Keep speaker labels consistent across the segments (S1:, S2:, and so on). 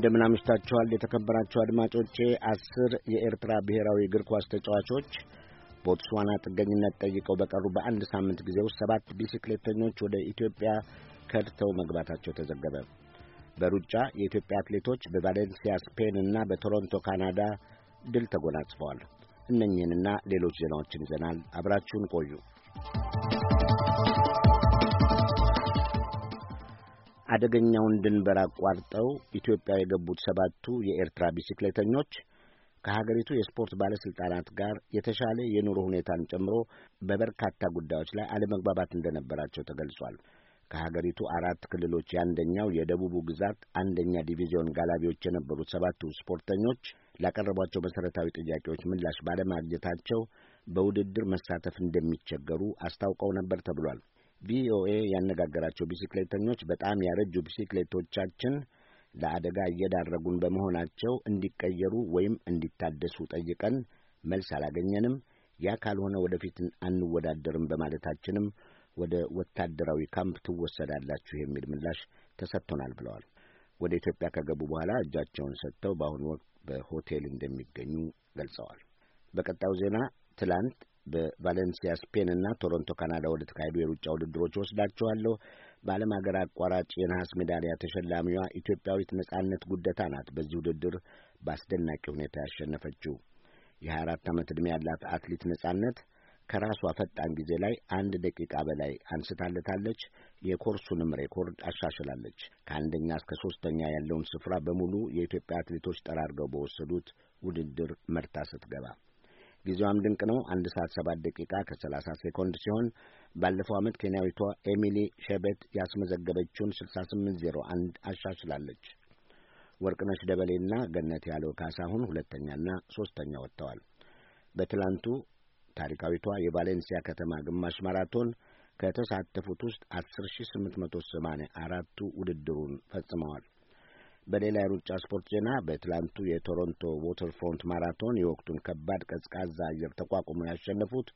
S1: እንደምናምሽታችኋል የተከበራችሁ አድማጮቼ። አስር የኤርትራ ብሔራዊ እግር ኳስ ተጫዋቾች ቦትስዋና ጥገኝነት ጠይቀው በቀሩ በአንድ ሳምንት ጊዜ ውስጥ ሰባት ቢሲክሌተኞች ወደ ኢትዮጵያ ከድተው መግባታቸው ተዘገበ። በሩጫ የኢትዮጵያ አትሌቶች በቫሌንሲያ ስፔን እና በቶሮንቶ ካናዳ ድል ተጎናጽፈዋል። እነኚህንና ሌሎች ዜናዎችን ይዘናል። አብራችሁን ቆዩ። አደገኛውን ድንበር አቋርጠው ኢትዮጵያ የገቡት ሰባቱ የኤርትራ ቢሲክሌተኞች ከሀገሪቱ የስፖርት ባለስልጣናት ጋር የተሻለ የኑሮ ሁኔታን ጨምሮ በበርካታ ጉዳዮች ላይ አለመግባባት እንደነበራቸው ተገልጿል። ከሀገሪቱ አራት ክልሎች የአንደኛው የደቡቡ ግዛት አንደኛ ዲቪዚዮን ጋላቢዎች የነበሩት ሰባቱ ስፖርተኞች ላቀረቧቸው መሠረታዊ ጥያቄዎች ምላሽ ባለማግኘታቸው በውድድር መሳተፍ እንደሚቸገሩ አስታውቀው ነበር ተብሏል። ቪኦኤ ያነጋገራቸው ቢስክሌተኞች በጣም ያረጁ ቢሲክሌቶቻችን ለአደጋ እየዳረጉን በመሆናቸው እንዲቀየሩ ወይም እንዲታደሱ ጠይቀን መልስ አላገኘንም። ያ ካልሆነ ወደፊት አንወዳደርም በማለታችንም ወደ ወታደራዊ ካምፕ ትወሰዳላችሁ የሚል ምላሽ ተሰጥቶናል ብለዋል። ወደ ኢትዮጵያ ከገቡ በኋላ እጃቸውን ሰጥተው በአሁኑ ወቅት በሆቴል እንደሚገኙ ገልጸዋል። በቀጣዩ ዜና ትላንት በቫሌንሲያ ስፔን እና ቶሮንቶ ካናዳ ወደ ተካሄዱ የሩጫ ውድድሮች ወስዳችኋለሁ። በዓለም ሀገር አቋራጭ የነሐስ ሜዳሊያ ተሸላሚዋ ኢትዮጵያዊት ነጻነት ጉደታ ናት። በዚህ ውድድር በአስደናቂ ሁኔታ ያሸነፈችው የ24 ዓመት ዕድሜ ያላት አትሌት ነጻነት ከራሷ ፈጣን ጊዜ ላይ አንድ ደቂቃ በላይ አንስታለታለች። የኮርሱንም ሬኮርድ አሻሽላለች። ከአንደኛ እስከ ሶስተኛ ያለውን ስፍራ በሙሉ የኢትዮጵያ አትሌቶች ጠራርገው በወሰዱት ውድድር መርታ ስትገባ ጊዜዋም ድንቅ ነው። አንድ ሰዓት ሰባት ደቂቃ ከሰላሳ ሴኮንድ ሲሆን ባለፈው ዓመት ኬንያዊቷ ኤሚሊ ሸበት ያስመዘገበችውን ስልሳ ስምንት ዜሮ አንድ አሻሽላለች። ወርቅነሽ ደበሌና ገነት ያለው ካሳሁን ሁለተኛና ሦስተኛ ወጥተዋል። በትላንቱ ታሪካዊቷ የቫሌንሲያ ከተማ ግማሽ ማራቶን ከተሳተፉት ውስጥ አስር ሺ ስምንት መቶ ሰማንያ አራቱ ውድድሩን ፈጽመዋል። በሌላ የሩጫ ስፖርት ዜና በትላንቱ የቶሮንቶ ዎተርፍሮንት ማራቶን የወቅቱን ከባድ ቀዝቃዛ አየር ተቋቁሞ ያሸነፉት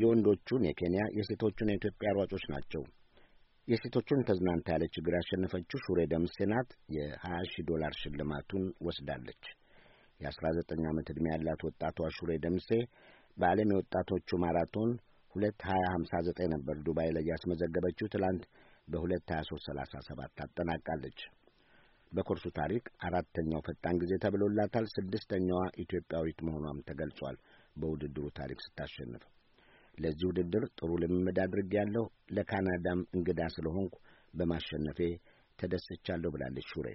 S1: የወንዶቹን የኬንያ የሴቶቹን የኢትዮጵያ ሯጮች ናቸው። የሴቶቹን ተዝናንታ ያለ ችግር ያሸነፈችው ሹሬ ደምሴ ናት። የ20 ሺህ ዶላር ሽልማቱን ወስዳለች። የ19 ዓመት ዕድሜ ያላት ወጣቷ ሹሬ ደምሴ በዓለም የወጣቶቹ ማራቶን 2259 ነበር ዱባይ ላይ ያስመዘገበችው። ትላንት በ 23 37 ታጠናቃለች። በኮርሱ ታሪክ አራተኛው ፈጣን ጊዜ ተብሎላታል። ስድስተኛዋ ኢትዮጵያዊት መሆኗም ተገልጿል። በውድድሩ ታሪክ ስታሸንፍ ለዚህ ውድድር ጥሩ ልምምድ አድርጌያለሁ፣ ለካናዳም እንግዳ ስለሆንኩ በማሸነፌ ተደስቻለሁ ብላለች ሹሬ።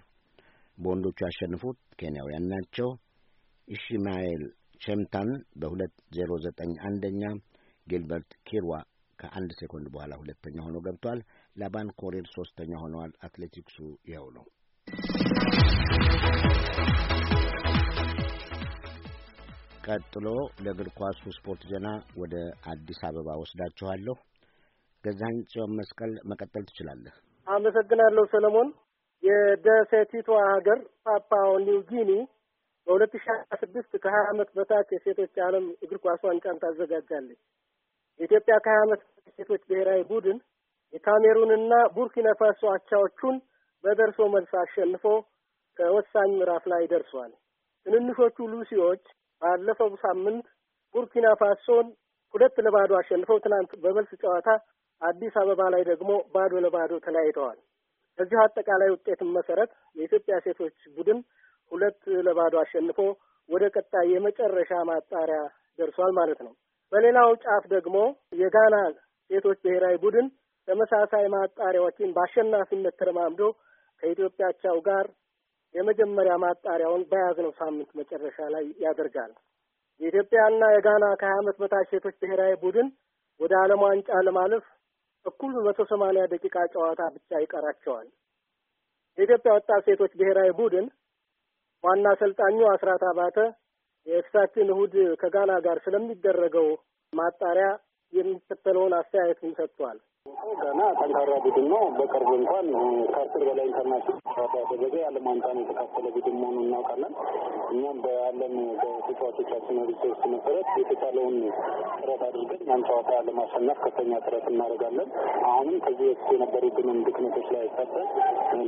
S1: በወንዶቹ ያሸንፉት ኬንያውያን ናቸው። ኢሽማኤል ቼምታን በሁለት ዜሮ ዘጠኝ አንደኛ፣ ጊልበርት ኪርዋ ከአንድ ሴኮንድ በኋላ ሁለተኛ ሆኖ ገብቷል። ላባን ኮሬድ ሶስተኛ ሆነዋል። አትሌቲክሱ ይኸው ነው። ቀጥሎ ለእግር ኳሱ ስፖርት ዜና ወደ አዲስ አበባ ወስዳችኋለሁ። ገዛኝ ጽዮን መስቀል መቀጠል ትችላለህ።
S2: አመሰግናለሁ ሰለሞን። የደሴቲቷ ሀገር ፓፓ ኒው ጊኒ በሁለት ሺ አስራ ስድስት ከሀያ አመት በታች የሴቶች የዓለም እግር ኳስ ዋንጫን ታዘጋጃለች። የኢትዮጵያ ከሀያ አመት ሴቶች ብሔራዊ ቡድን የካሜሩንና ቡርኪና አቻዎቹን በደርሶ መልስ አሸንፎ ከወሳኝ ምዕራፍ ላይ ደርሷል። ትንንሾቹ ሉሲዎች ባለፈው ሳምንት ቡርኪና ፋሶን ሁለት ለባዶ አሸንፈው ትናንት በመልስ ጨዋታ አዲስ አበባ ላይ ደግሞ ባዶ ለባዶ ተለያይተዋል። ከዚሁ አጠቃላይ ውጤትም መሰረት የኢትዮጵያ ሴቶች ቡድን ሁለት ለባዶ አሸንፎ ወደ ቀጣይ የመጨረሻ ማጣሪያ ደርሷል ማለት ነው። በሌላው ጫፍ ደግሞ የጋና ሴቶች ብሔራዊ ቡድን ተመሳሳይ ማጣሪያዎችን በአሸናፊነት ተረማምዶ ከኢትዮጵያቻው ጋር የመጀመሪያ ማጣሪያውን በያዝነው ሳምንት መጨረሻ ላይ ያደርጋል። የኢትዮጵያና የጋና ከሀያ ዓመት በታች ሴቶች ብሔራዊ ቡድን ወደ ዓለም ዋንጫ ለማለፍ እኩል መቶ ሰማንያ ደቂቃ ጨዋታ ብቻ ይቀራቸዋል። የኢትዮጵያ ወጣት ሴቶች ብሔራዊ ቡድን ዋና አሰልጣኙ አስራት አባተ የፊታችን እሁድ ከጋና ጋር ስለሚደረገው ማጣሪያ የሚከተለውን አስተያየቱን ሰጥቷል። ገና ጠንካራ ቡድን ነው። በቅርቡ እንኳን ከአስር በላይ ኢንተርናሽናል ያደረገ የዓለም ዋንጫን የተካፈለ ቡድን መሆኑ እናውቃለን። እኛም በዓለም በተጫዋቾቻችን ሪሶርስ መሰረት የተቻለውን ጥረት አድርገን ያን ጨዋታ ለማሸነፍ ከፍተኛ ጥረት እናደርጋለን። አሁንም ከዚህ በፊት የነበሩብንን ድክመቶች ላይ ሳደን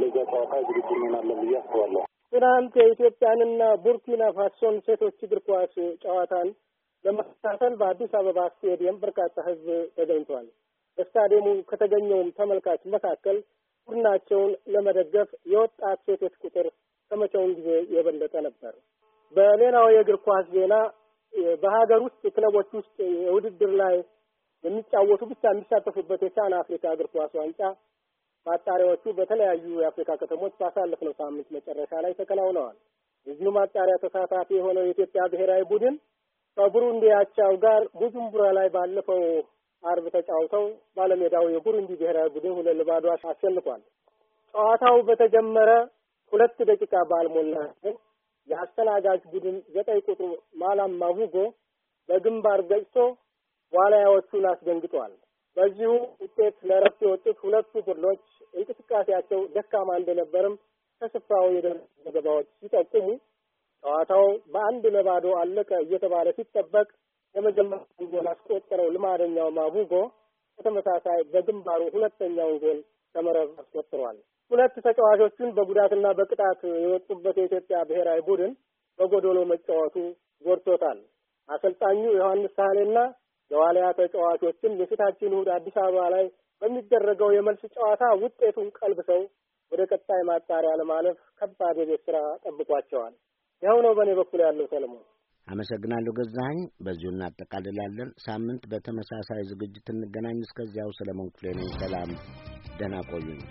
S2: ለዚያ ጨዋታ ዝግጁ እንሆናለን ብዬ አስባለሁ። ትናንት የኢትዮጵያንና ቡርኪና ፋሶን ሴቶች እግር ኳስ ጨዋታን ለመከታተል በአዲስ አበባ ስቴዲየም በርካታ ሕዝብ ተገኝቷል። በስታዲየሙ ከተገኘውም ተመልካች መካከል ቡድናቸውን ለመደገፍ የወጣት ሴቶች ቁጥር ከመቼውም ጊዜ የበለጠ ነበር። በሌላው የእግር ኳስ ዜና በሀገር ውስጥ ክለቦች ውስጥ የውድድር ላይ የሚጫወቱ ብቻ የሚሳተፉበት የቻን አፍሪካ እግር ኳስ ዋንጫ ማጣሪያዎቹ በተለያዩ የአፍሪካ ከተሞች ባሳለፍነው ሳምንት መጨረሻ ላይ ተከናውነዋል። እዚሁ ማጣሪያ ተሳታፊ የሆነው የኢትዮጵያ ብሔራዊ ቡድን ከቡሩንዲ አቻው ጋር ቡጁምቡራ ላይ ባለፈው አርብ ተጫውተው ባለሜዳው የቡሩንዲ ብሔራዊ ቡድን ሁለት ለባዶ አሸንፏል። ጨዋታው በተጀመረ ሁለት ደቂቃ ባልሞላ የአስተናጋጅ ቡድን ዘጠኝ ቁጥሩ ማላማ ማቡጎ በግንባር ገጭቶ ዋልያዎቹን አስደንግጧል። በዚሁ ውጤት ለረፍት የወጡት ሁለቱ ቡድኖች እንቅስቃሴያቸው ደካማ እንደነበርም ከስፍራው የደረሱ ዘገባዎች ሲጠቁሙ ጨዋታው በአንድ ለባዶ አለቀ እየተባለ ሲጠበቅ የመጀመሪያውን ጎል አስቆጠረው ልማደኛው ማቡጎ በተመሳሳይ በግንባሩ ሁለተኛውን ጎል ከመረብ አስቆጥሯል። ሁለት ተጫዋቾቹን በጉዳትና በቅጣት የወጡበት የኢትዮጵያ ብሔራዊ ቡድን በጎዶሎ መጫወቱ ጎድቶታል። አሰልጣኙ ዮሐንስ ሳህሌና የዋልያ ተጫዋቾችም የፊታችን እሑድ አዲስ አበባ ላይ በሚደረገው የመልስ ጨዋታ ውጤቱን ቀልብሰው ወደ ቀጣይ ማጣሪያ ለማለፍ ከባድ የቤት ስራ ጠብቋቸዋል። ይኸው ነው በእኔ በኩል ያለው ሰለሞን።
S1: አመሰግናለሁ ገዛኸኝ። በዚሁ እናጠቃልላለን። ሳምንት በተመሳሳይ ዝግጅት እንገናኝ። እስከዚያው ሰለሞን ክፍሌ ነኝ። ሰላም፣ ደህና ቆዩኝ።